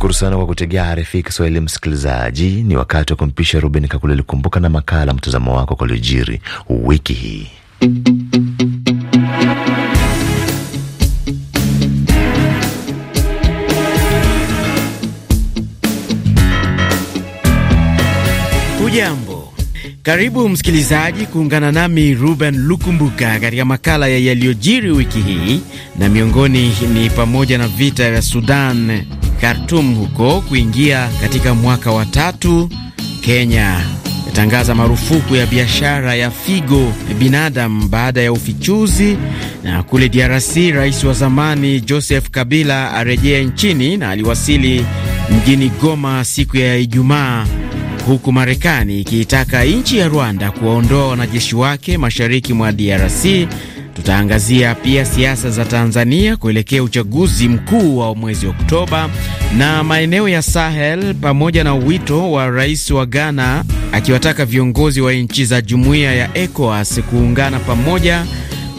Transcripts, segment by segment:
Nakushukuru sana kwa kutegea RFI Kiswahili. Msikilizaji, ni wakati wa kumpisha Ruben Kakule Likumbuka na makala mtazamo wako kwa liojiri wiki hii. Ujambo, karibu msikilizaji kuungana nami Ruben Lukumbuka katika makala ya yaliyojiri wiki hii, na miongoni ni pamoja na vita vya Sudan Khartoum huko kuingia katika mwaka wa tatu. Kenya yatangaza marufuku ya biashara ya figo binadamu baada ya ufichuzi. Na kule DRC rais wa zamani Joseph Kabila arejea nchini na aliwasili mjini Goma siku ya Ijumaa, huku Marekani ikiitaka nchi ya Rwanda kuwaondoa wanajeshi wake mashariki mwa DRC Tutaangazia pia siasa za Tanzania kuelekea uchaguzi mkuu wa mwezi Oktoba na maeneo ya Sahel, pamoja na wito wa rais wa Ghana akiwataka viongozi wa nchi za jumuiya ya ECOWAS kuungana pamoja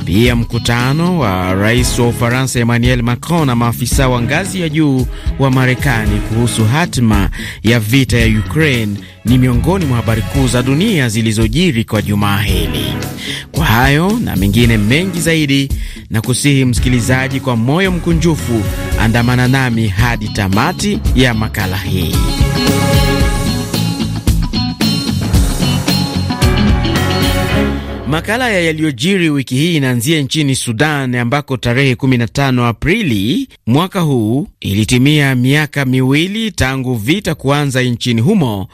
pia mkutano wa rais wa Ufaransa Emmanuel Macron na maafisa wa ngazi ya juu wa Marekani kuhusu hatima ya vita ya Ukraine ni miongoni mwa habari kuu za dunia zilizojiri kwa jumaa hili. Kwa hayo na mengine mengi zaidi, na kusihi msikilizaji, kwa moyo mkunjufu andamana nami hadi tamati ya makala hii. Makala ya yaliyojiri wiki hii inaanzia nchini Sudan ambako tarehe 15 Aprili mwaka huu ilitimia miaka miwili tangu vita kuanza nchini humo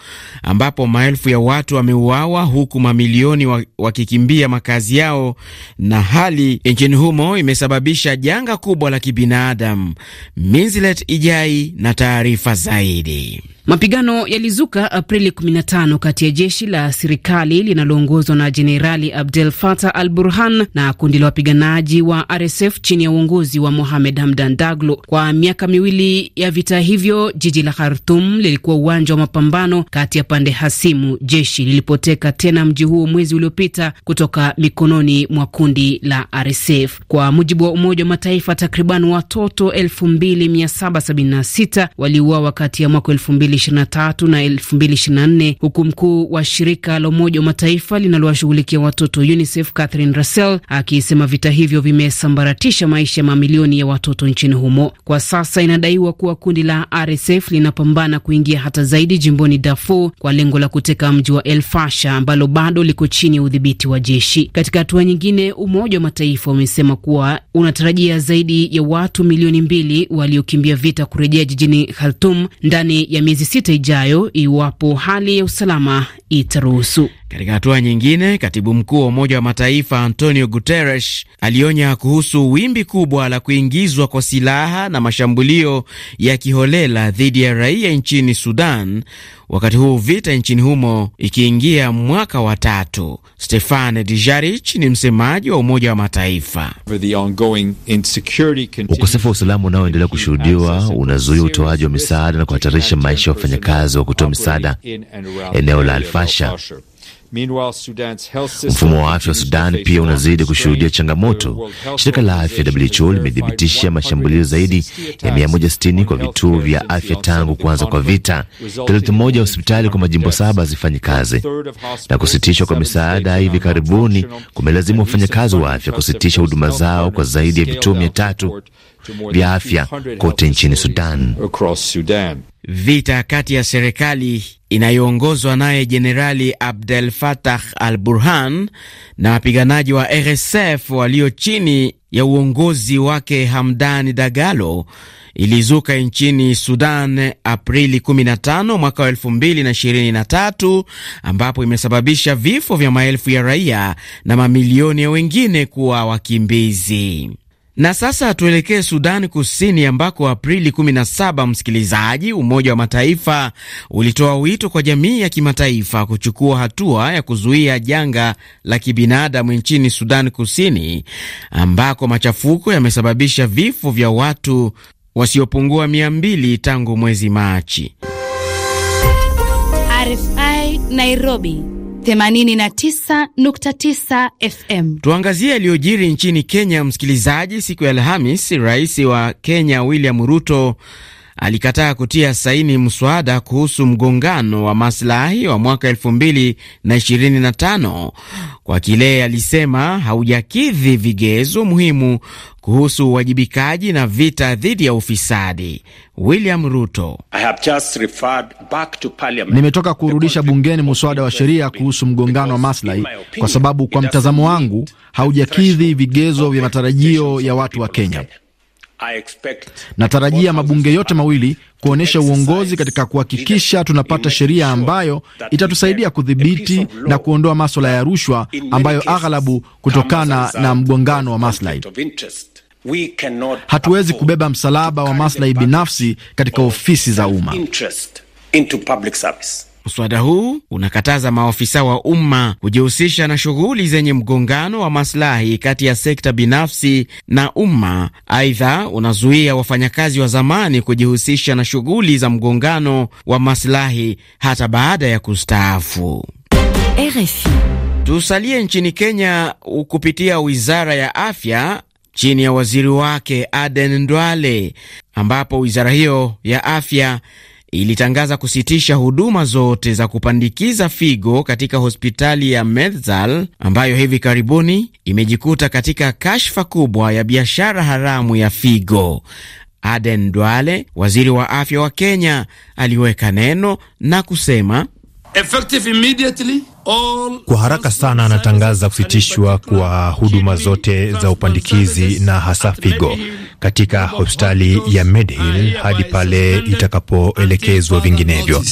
ambapo maelfu ya watu wameuawa huku mamilioni wakikimbia makazi yao, na hali nchini humo imesababisha janga kubwa la kibinadamu. Minzilet Ijai na taarifa zaidi. Mapigano yalizuka Aprili 15 kati ya jeshi la serikali linaloongozwa na Jenerali Abdel Fattah al Burhan na kundi la wapiganaji wa RSF chini ya uongozi wa Mohamed Hamdan Daglo. Kwa miaka miwili ya vita hivyo, jiji la Khartum lilikuwa uwanja wa mapambano kati ya pande hasimu. Jeshi lilipoteka tena mji huo mwezi uliopita kutoka mikononi mwa kundi la RSF. Kwa mujibu wa Umoja wa Mataifa, takriban watoto 2776 waliuawa kati ya mwaka 2023 na 2024, huku mkuu wa shirika la Umoja wa Mataifa linalowashughulikia watoto UNICEF Catherine Russell akisema vita hivyo vimesambaratisha maisha ya mamilioni ya watoto nchini humo. Kwa sasa inadaiwa kuwa kundi la RSF linapambana kuingia hata zaidi jimboni Darfur kwa lengo la kuteka mji wa El Fasha ambalo bado liko chini ya udhibiti wa jeshi. Katika hatua nyingine, Umoja wa Mataifa umesema kuwa unatarajia zaidi ya watu milioni mbili waliokimbia vita kurejea jijini Khartoum ndani ya miezi sita ijayo iwapo hali ya usalama itaruhusu. Katika hatua nyingine, katibu mkuu wa Umoja wa Mataifa Antonio Guterres alionya kuhusu wimbi kubwa la kuingizwa kwa silaha na mashambulio ya kiholela dhidi ya raia nchini Sudan, wakati huu vita nchini humo ikiingia mwaka wa tatu. Stefane Dijarich ni msemaji wa Umoja wa Mataifa. Ukosefu wa usalama unaoendelea kushuhudiwa unazuia utoaji wa misaada na kuhatarisha maisha ya wafanyakazi wa kutoa misaada eneo la Alfasha. Mfumo wa afya wa Sudan pia unazidi kushuhudia changamoto. Shirika la afya WHO limethibitisha mashambulio zaidi ya 160 kwa vituo vya afya tangu kuanza kwa vita, theluthi moja ya hospitali kwa majimbo saba hazifanyi kazi, na kusitishwa kwa misaada hivi karibuni kumelazimu wafanyakazi wa afya kusitisha huduma zao kwa zaidi ya vituo mia tatu vya afya kote nchini Sudan. Vita kati ya serikali inayoongozwa naye Jenerali Abdel Fattah al Burhan na wapiganaji wa RSF walio chini ya uongozi wake Hamdani Dagalo ilizuka nchini Sudan Aprili 15 mwaka wa 2023 ambapo imesababisha vifo vya maelfu ya raia na mamilioni ya wengine kuwa wakimbizi. Na sasa tuelekee Sudan Kusini ambako Aprili 17, msikilizaji, Umoja wa Mataifa ulitoa wito kwa jamii ya kimataifa kuchukua hatua ya kuzuia janga la kibinadamu nchini Sudan Kusini ambako machafuko yamesababisha vifo vya watu wasiopungua 200 tangu mwezi Machi. RFI Nairobi 89.9 FM. Tuangazie yaliyojiri nchini Kenya, msikilizaji. Siku ya Alhamis, rais wa Kenya William Ruto alikataa kutia saini mswada kuhusu mgongano wa maslahi wa mwaka 2025 kwa kile alisema haujakidhi vigezo muhimu kuhusu uwajibikaji na vita dhidi ya ufisadi. William Ruto: nimetoka kuurudisha bungeni mswada wa sheria kuhusu mgongano wa maslahi kwa sababu kwa mtazamo wangu haujakidhi vigezo vya matarajio ya watu wa Kenya. Natarajia mabunge yote mawili kuonyesha uongozi katika kuhakikisha tunapata sheria ambayo itatusaidia kudhibiti na kuondoa maswala ya rushwa ambayo aghalabu kutokana na mgongano wa maslahi. Hatuwezi kubeba msalaba wa maslahi binafsi katika ofisi za umma. Mswada huu unakataza maofisa wa umma kujihusisha na shughuli zenye mgongano wa maslahi kati ya sekta binafsi na umma. Aidha, unazuia wafanyakazi wa zamani kujihusisha na shughuli za mgongano wa maslahi hata baada ya kustaafu. RFI. Tusalie nchini Kenya kupitia Wizara ya Afya chini ya waziri wake Aden Ndwale ambapo wizara hiyo ya afya ilitangaza kusitisha huduma zote za kupandikiza figo katika hospitali ya Medzal ambayo hivi karibuni imejikuta katika kashfa kubwa ya biashara haramu ya figo. Aden Duale, waziri wa afya wa Kenya, aliweka neno na kusema effective immediately kwa haraka sana anatangaza kusitishwa kwa huduma zote za upandikizi na hasa figo katika hospitali ya Medhill hadi pale itakapoelekezwa vinginevyo.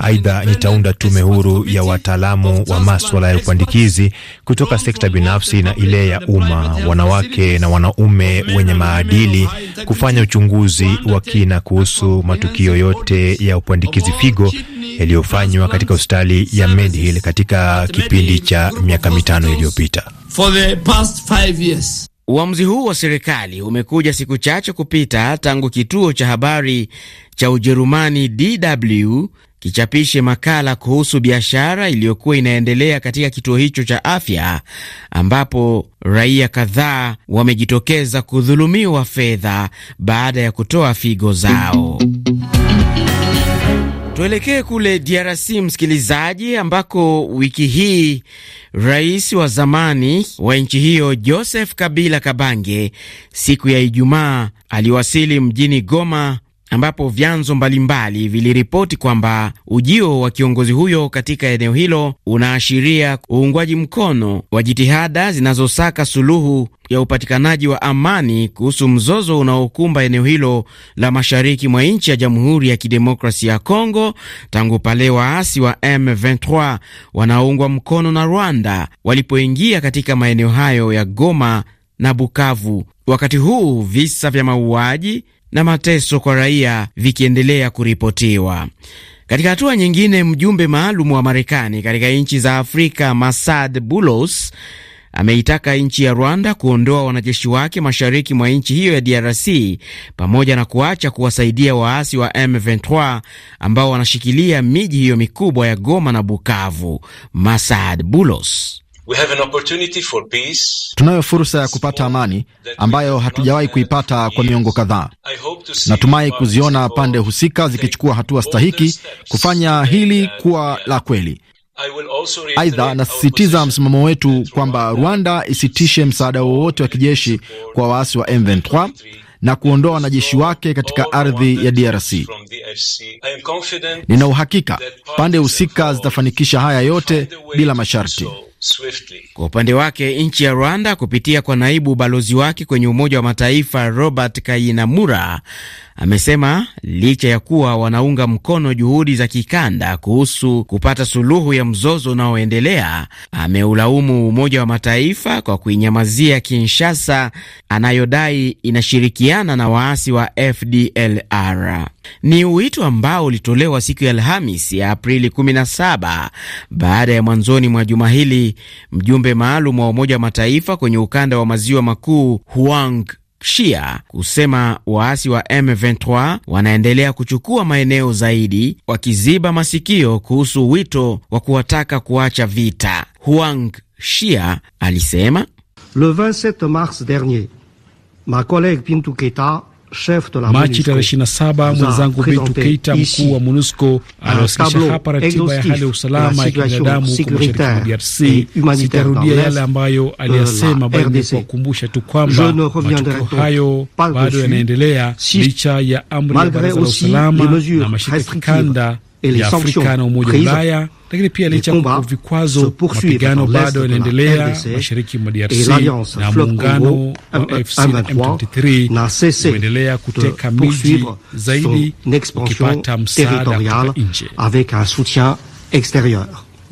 Aidha, nitaunda tume huru ya wataalamu wa maswala ya upandikizi kutoka sekta binafsi na ile ya umma, wanawake na wanaume wenye maadili, kufanya uchunguzi wa kina kuhusu matukio yote ya upandikizi figo yaliyofanywa katika hospitali ya Medhill katika kipindi cha miaka mitano iliyopita. Uamuzi huu wa serikali umekuja siku chache kupita tangu kituo cha habari cha Ujerumani DW kichapishe makala kuhusu biashara iliyokuwa inaendelea katika kituo hicho cha afya ambapo raia kadhaa wamejitokeza kudhulumiwa fedha baada ya kutoa figo zao. Tuelekee kule DRC msikilizaji, ambako wiki hii rais wa zamani wa nchi hiyo Joseph Kabila Kabange siku ya Ijumaa aliwasili mjini Goma ambapo vyanzo mbalimbali viliripoti kwamba ujio wa kiongozi huyo katika eneo hilo unaashiria uungwaji mkono wa jitihada zinazosaka suluhu ya upatikanaji wa amani kuhusu mzozo unaokumba eneo hilo la mashariki mwa nchi ya Jamhuri ya Kidemokrasia ya Kongo tangu pale waasi wa M23 wanaoungwa mkono na Rwanda walipoingia katika maeneo hayo ya Goma na Bukavu. Wakati huu visa vya mauaji na mateso kwa raia vikiendelea kuripotiwa. Katika hatua nyingine, mjumbe maalum wa Marekani katika nchi za Afrika Masad Bulos ameitaka nchi ya Rwanda kuondoa wanajeshi wake mashariki mwa nchi hiyo ya DRC pamoja na kuacha kuwasaidia waasi wa M23 ambao wanashikilia miji hiyo mikubwa ya Goma na Bukavu. Masad Bulos We have an opportunity for peace. Tunayo fursa ya kupata amani ambayo hatujawahi kuipata kwa miongo kadhaa. Natumai kuziona pande husika zikichukua hatua stahiki kufanya hili uh, kuwa la kweli. Aidha, nasisitiza msimamo wetu kwamba Rwanda isitishe msaada wowote wa kijeshi kwa waasi wa M23 na kuondoa wanajeshi wake katika ardhi ya DRC. Nina uhakika pande husika zitafanikisha haya yote bila masharti swiftly. Kwa upande wake nchi ya Rwanda kupitia kwa naibu balozi wake kwenye Umoja wa Mataifa Robert Kayinamura amesema licha ya kuwa wanaunga mkono juhudi za kikanda kuhusu kupata suluhu ya mzozo unaoendelea, ameulaumu Umoja wa Mataifa kwa kuinyamazia Kinshasa anayodai inashirikiana na waasi wa FDLR. Ni wito ambao ulitolewa siku ya Alhamis ya Aprili 17 baada ya mwanzoni mwa juma hili mjumbe maalum wa Umoja wa Mataifa kwenye ukanda wa maziwa makuu Huang Shia kusema waasi wa M23 wanaendelea kuchukua maeneo zaidi, wakiziba masikio kuhusu wito wa kuwataka kuacha vita. Huang Shia alisema Le 27 mars dernier ma collègue Bintou Keita Machi tarehe 27 mwenzangu Bintu Keita, mkuu wa MONUSCO, aliwasilisha hapa ratiba ya hali ya usalama ya kibinadamu huko mashariki mwa DRC. Sitarudia yale ambayo aliyasema, bali ni kuwakumbusha tu kwamba matukio hayo bado yanaendelea licha ya amri ya baraza la usalama na mashirika kikanda ya Afrika na Umoja wa Ulaya, lakini pia licha ya vikwazo, mapigano bado yanaendelea mashariki mwa DRC na muungano wa AFC na M23 umeendelea kuteka miji zaidi ukipata msaada kutoka nje.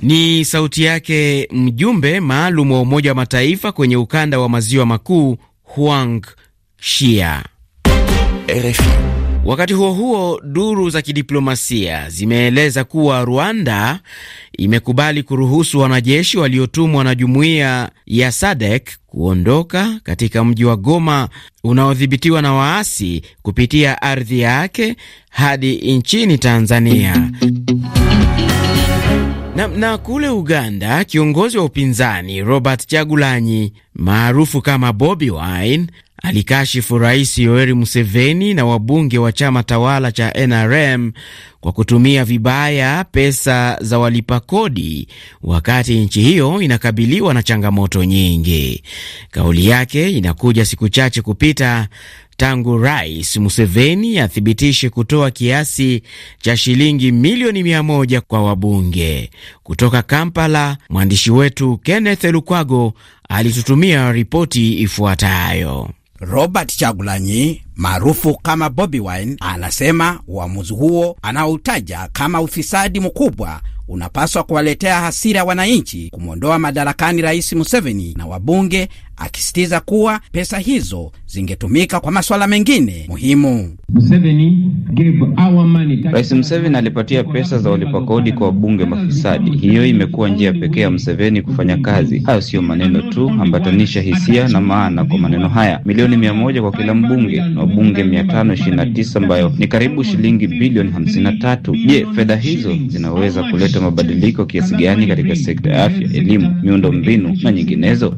Ni sauti yake mjumbe maalum wa Umoja wa Mataifa kwenye ukanda wa maziwa makuu Huang Shia, RFI. Wakati huo huo, duru za kidiplomasia zimeeleza kuwa Rwanda imekubali kuruhusu wanajeshi waliotumwa na jumuiya ya sadek kuondoka katika mji wa Goma unaodhibitiwa na waasi kupitia ardhi yake hadi nchini Tanzania. Na, na kule Uganda kiongozi wa upinzani Robert Chagulanyi maarufu kama Bobi Wine alikashifu Rais Yoweri Museveni na wabunge wa chama tawala cha NRM kwa kutumia vibaya pesa za walipa kodi wakati nchi hiyo inakabiliwa na changamoto nyingi. Kauli yake inakuja siku chache kupita tangu Rais Museveni athibitishe kutoa kiasi cha shilingi milioni mia moja kwa wabunge. Kutoka Kampala, mwandishi wetu Kenneth Lukwago alitutumia ripoti ifuatayo. Robert Chagulanyi maarufu kama Bobi Wine, anasema uamuzi huo anaoutaja kama ufisadi mkubwa unapaswa kuwaletea hasira wananchi, kumwondoa madarakani Rais Museveni na wabunge, akisitiza kuwa pesa hizo zingetumika kwa masuala mengine muhimu. Rais Museveni alipatia pesa za walipa kodi kwa wabunge mafisadi. Hiyo imekuwa njia pekee ya Museveni kufanya kazi. Hayo siyo maneno tu, ambatanisha hisia na maana kwa maneno haya: milioni mia moja kwa kila mbunge na wabunge 529 ambayo ni karibu shilingi bilioni 53. Je, fedha hizo zinaweza kuleta mabadiliko kiasi gani katika sekta ya afya, elimu, miundo mbinu na nyinginezo?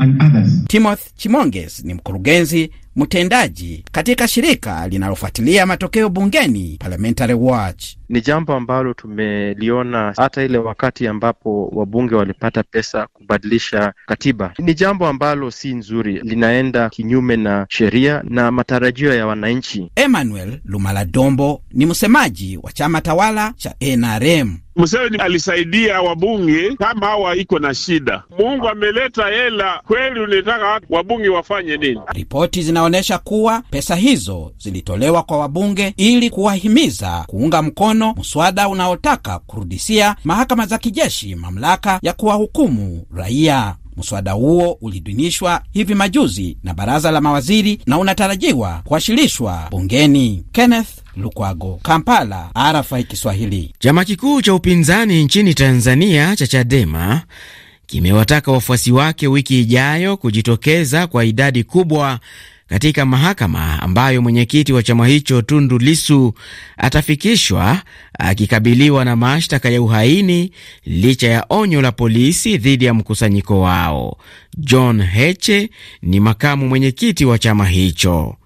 and others. Timothy Chimonges ni mkurugenzi mtendaji katika shirika linalofuatilia matokeo bungeni Parliamentary Watch. Ni jambo ambalo tumeliona hata ile wakati ambapo wabunge walipata pesa kubadilisha katiba. Ni jambo ambalo si nzuri, linaenda kinyume na sheria na matarajio ya wananchi. Emmanuel Lumaladombo ni msemaji wa chama tawala cha NRM. Museveni alisaidia wabunge kama hawa iko na shida. Mungu ameleta hela kweli, unataka wabunge wafanye nini? Ripoti zinaonyesha kuwa pesa hizo zilitolewa kwa wabunge ili kuwahimiza kuunga mkono mswada unaotaka kurudisia mahakama za kijeshi mamlaka ya kuwahukumu raia. Mswada huo ulidunishwa hivi majuzi na baraza la mawaziri na unatarajiwa kuwasilishwa bungeni. Kenneth Lukwago, Kampala. RFI Kiswahili. Chama kikuu cha upinzani nchini Tanzania cha Chadema kimewataka wafuasi wake wiki ijayo kujitokeza kwa idadi kubwa katika mahakama ambayo mwenyekiti wa chama hicho Tundu Lisu atafikishwa akikabiliwa na mashtaka ya uhaini licha ya onyo la polisi dhidi ya mkusanyiko wao. John Heche ni makamu mwenyekiti wa chama hicho.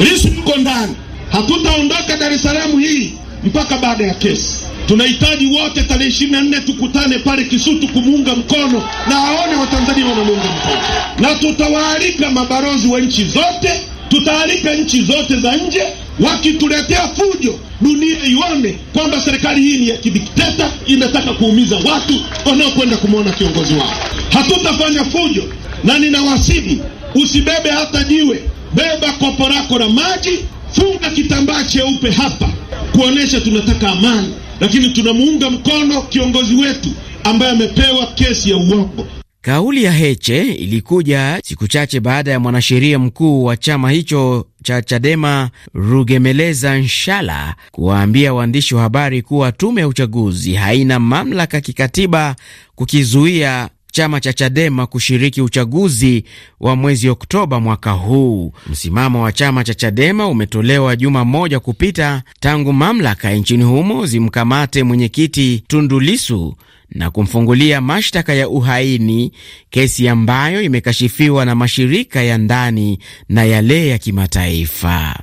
Lisu yuko ndani, Hatutaondoka Dar es Salaam hii mpaka baada ya kesi. Tunahitaji wote tarehe ishirini na nne tukutane pale Kisutu kumuunga mkono na aone Watanzania wanamuunga mkono, na tutawaalika mabalozi wa nchi zote, tutaalika nchi zote za nje. Wakituletea fujo, dunia ione kwamba serikali hii ni ya kidikteta, inataka kuumiza watu wanaokwenda kumwona kiongozi wao. Hatutafanya fujo, na ninawasihi usibebe hata jiwe, beba kopo lako la maji. Funga kitambaa cheupe hapa kuonesha tunataka amani, lakini tunamuunga mkono kiongozi wetu ambaye amepewa kesi ya uongo. Kauli ya Heche ilikuja siku chache baada ya mwanasheria mkuu wa chama hicho cha Chadema Rugemeleza Nshala kuwaambia waandishi wa habari kuwa tume ya uchaguzi haina mamlaka kikatiba kukizuia chama cha Chadema kushiriki uchaguzi wa mwezi Oktoba mwaka huu. Msimamo wa chama cha Chadema umetolewa juma moja kupita tangu mamlaka nchini humo zimkamate mwenyekiti tundulisu na kumfungulia mashtaka ya uhaini, kesi ambayo imekashifiwa na mashirika ya ndani na yale ya kimataifa.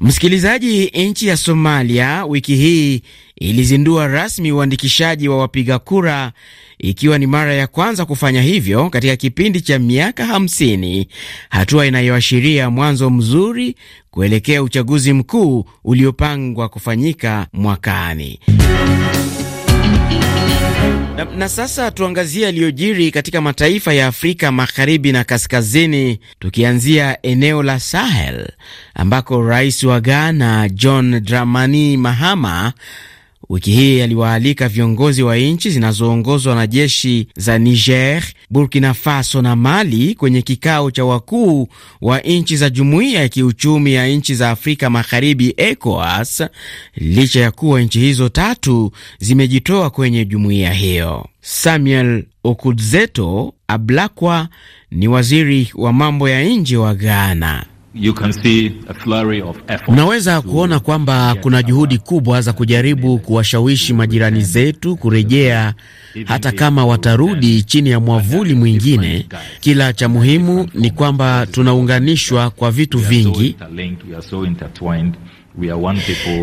Msikilizaji, nchi ya Somalia wiki hii ilizindua rasmi uandikishaji wa wapiga kura, ikiwa ni mara ya kwanza kufanya hivyo katika kipindi cha miaka 50, hatua inayoashiria mwanzo mzuri kuelekea uchaguzi mkuu uliopangwa kufanyika mwakani. Na, na sasa tuangazie yaliyojiri katika mataifa ya Afrika magharibi na kaskazini, tukianzia eneo la Sahel ambako rais wa Ghana John Dramani Mahama wiki hii aliwaalika viongozi wa nchi zinazoongozwa na jeshi za Niger, Burkina Faso na Mali kwenye kikao cha wakuu wa nchi za jumuiya ya kiuchumi ya nchi za Afrika Magharibi, ECOWAS, licha ya kuwa nchi hizo tatu zimejitoa kwenye jumuiya hiyo. Samuel Okudzeto Ablakwa ni waziri wa mambo ya nje wa Ghana. You can see a flurry of effort. Unaweza kuona kwamba kuna juhudi kubwa za kujaribu kuwashawishi majirani zetu kurejea, hata kama watarudi chini ya mwavuli mwingine. Kila cha muhimu ni kwamba tunaunganishwa kwa vitu vingi.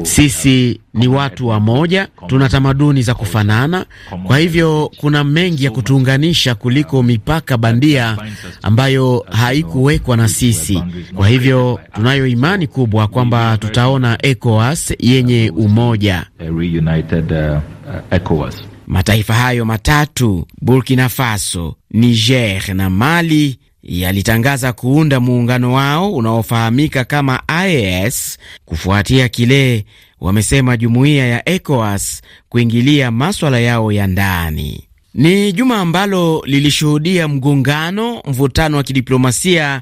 Sisi ni watu wa moja, tuna tamaduni za kufanana. Kwa hivyo kuna mengi ya kutuunganisha kuliko mipaka bandia ambayo haikuwekwa na sisi. Kwa hivyo tunayo imani kubwa kwamba tutaona ECOWAS yenye umoja. Uh, uh, Mataifa hayo matatu Burkina Faso, Niger na Mali yalitangaza kuunda muungano wao unaofahamika kama IAS kufuatia kile wamesema jumuiya ya ECOWAS kuingilia maswala yao ya ndani. Ni juma ambalo lilishuhudia mgongano, mvutano wa kidiplomasia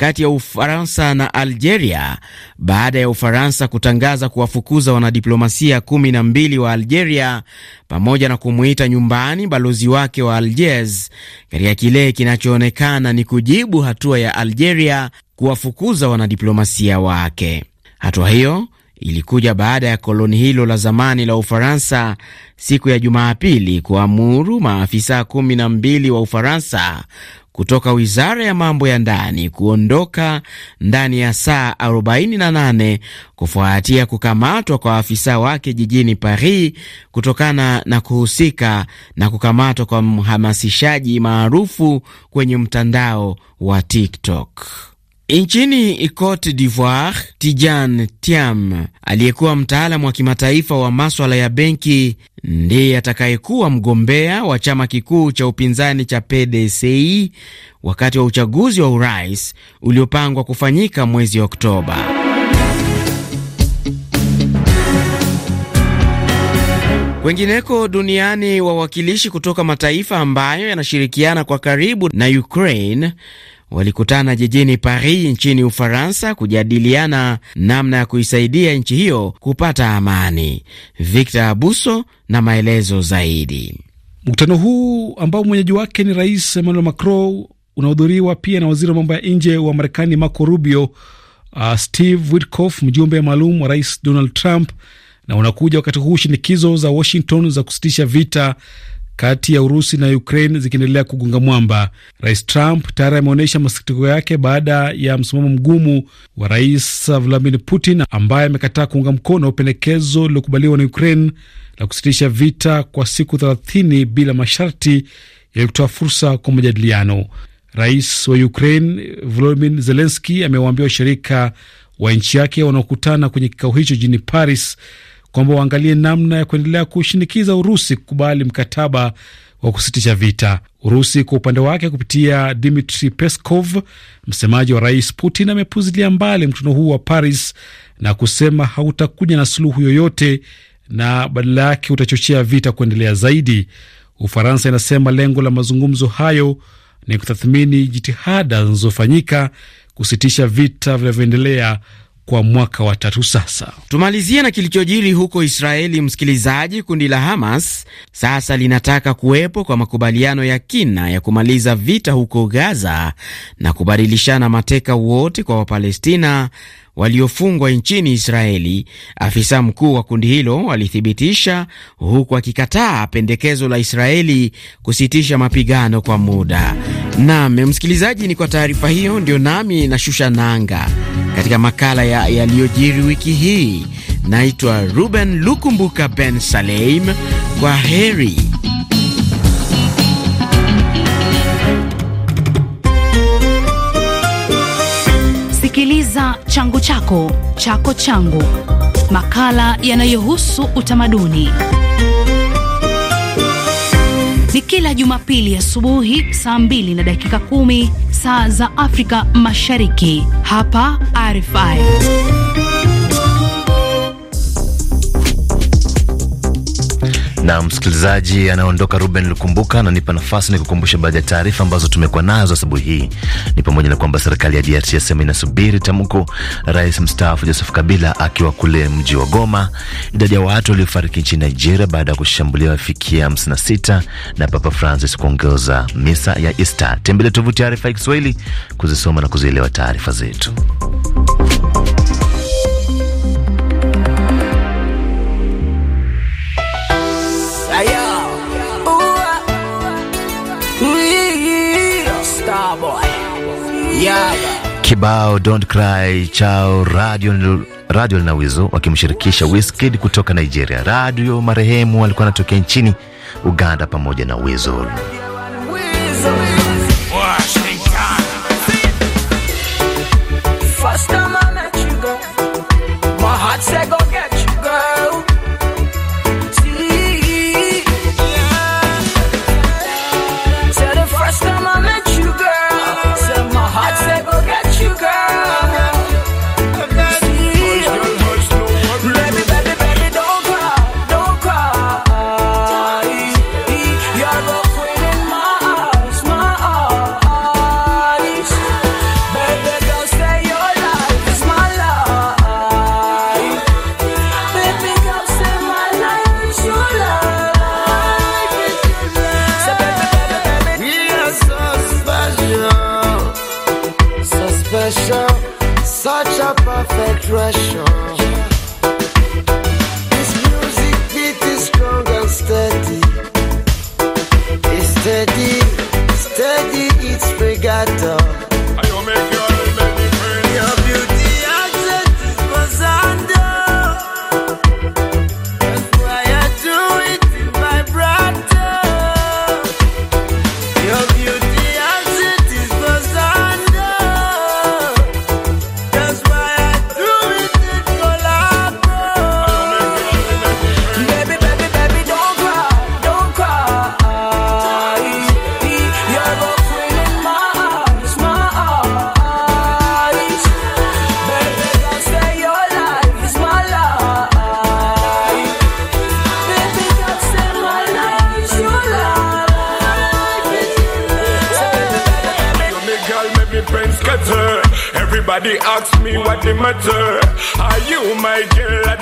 kati ya Ufaransa na Algeria baada ya Ufaransa kutangaza kuwafukuza wanadiplomasia kumi na mbili wa Algeria pamoja na kumuita nyumbani balozi wake wa Algiers katika kile kinachoonekana ni kujibu hatua ya Algeria kuwafukuza wanadiplomasia wake. Hatua hiyo ilikuja baada ya koloni hilo la zamani la Ufaransa siku ya Jumapili kuamuru maafisa kumi na mbili wa Ufaransa kutoka wizara ya mambo ya ndani kuondoka ndani ya saa 48 kufuatia kukamatwa kwa afisa wake jijini Paris kutokana na kuhusika na kukamatwa kwa mhamasishaji maarufu kwenye mtandao wa TikTok. Nchini Cote d'Ivoire, Tijan Tiam aliyekuwa mtaalamu wa kimataifa wa maswala ya benki ndiye atakayekuwa mgombea wa chama kikuu cha upinzani cha PDCI wakati wa uchaguzi wa urais uliopangwa kufanyika mwezi Oktoba. Kwengineko duniani wawakilishi kutoka mataifa ambayo yanashirikiana kwa karibu na Ukraine walikutana jijini Paris nchini Ufaransa kujadiliana namna ya kuisaidia nchi hiyo kupata amani. Victor Abuso na maelezo zaidi. Mkutano huu ambao mwenyeji wake ni Rais Emmanuel Macron unahudhuriwa pia na waziri wa mambo ya nje wa Marekani Marco Rubio, uh, Steve Witkoff mjumbe maalum wa Rais Donald Trump, na unakuja wakati huu shinikizo za Washington za kusitisha vita kati ya Urusi na Ukraine zikiendelea kugonga mwamba. Rais Trump tayari ameonyesha masikitiko yake baada ya msimamo mgumu wa Rais Vladimir Putin ambaye amekataa kuunga mkono pendekezo lililokubaliwa na Ukraine la kusitisha vita kwa siku 30 bila masharti yaliyotoa fursa kwa majadiliano. Rais wa Ukraine Volodymyr Zelensky amewaambia washirika wa nchi yake wanaokutana kwenye kikao hicho jijini Paris kwamba waangalie namna ya kuendelea kushinikiza Urusi kukubali mkataba wa kusitisha vita. Urusi kwa upande wake, kupitia Dmitri Peskov, msemaji wa rais Putin, amepuzilia mbali mkutano huu wa Paris na kusema hautakuja na suluhu yoyote na badala yake utachochea vita kuendelea zaidi. Ufaransa inasema lengo la mazungumzo hayo ni kutathmini jitihada zinazofanyika kusitisha vita vinavyoendelea kwa mwaka wa tatu sasa. Tumalizie na kilichojiri huko Israeli, msikilizaji. Kundi la Hamas sasa linataka kuwepo kwa makubaliano ya kina ya kumaliza vita huko Gaza na kubadilishana mateka wote kwa Wapalestina waliofungwa nchini Israeli. Afisa mkuu wa kundi hilo alithibitisha, huku akikataa pendekezo la Israeli kusitisha mapigano kwa muda. Nam msikilizaji, ni kwa taarifa hiyo ndio nami nashusha nanga katika makala ya yaliyojiri wiki hii. Naitwa Ruben Lukumbuka Ben Saleim, kwa heri. Sikiliza changu chako chako changu, makala yanayohusu utamaduni ni kila Jumapili asubuhi saa 2 na dakika 10 saa za Afrika Mashariki hapa RFI. Na msikilizaji anaondoka Ruben Lukumbuka ananipa nafasi ni kukumbusha baadhi ya taarifa ambazo tumekuwa nazo asubuhi hii, ni pamoja na kwamba serikali ya DRC yasema inasubiri tamko rais mstaafu Joseph Kabila akiwa kule mji wa Goma. Idadi ya watu waliofariki nchini Nigeria baada ya kushambuliwa afikia 56, na Papa Francis kuongoza misa ya Easter. Tembele tovuti ya RFI Kiswahili kuzisoma na kuzielewa taarifa zetu. Kibao don't cry chao radio radio na wizo wakimshirikisha Wizkid kutoka Nigeria. Radio marehemu alikuwa anatokea nchini Uganda pamoja na Weasel.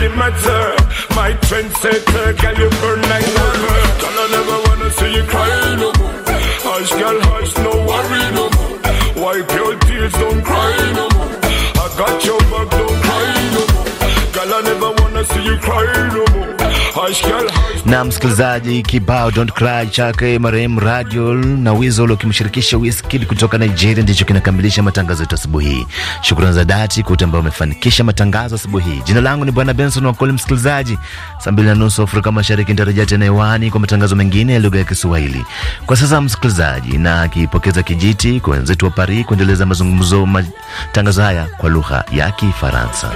the matter. My friend said, girl, you burn like lava. Girl, I never wanna see you cry no more. Hush, girl, hush, no worry no more. Wipe your tears, don't cry no more. I got your back, don't cry no more. Girl, I never wanna see you cry no more. na msikilizaji, kibao Don't Cry chake marehemu radio na wizo Weasel wakimshirikisha Wizkid kutoka Nigeria ndicho kinakamilisha matangazo yetu asubuhi hii. Shukrani za dhati kwa wote ambao wamefanikisha matangazo asubuhi hii. Jina langu ni Bwana Benson Wakoli. Msikilizaji, saa mbili na nusu Afrika Mashariki nitarejea tena hewani kwa matangazo mengine ya lugha ya Kiswahili. Kwa sasa, msikilizaji, na akipokeza kijiti kwa wenzetu wa Paris kuendeleza mazungumzo, matangazo haya kwa lugha ya Kifaransa.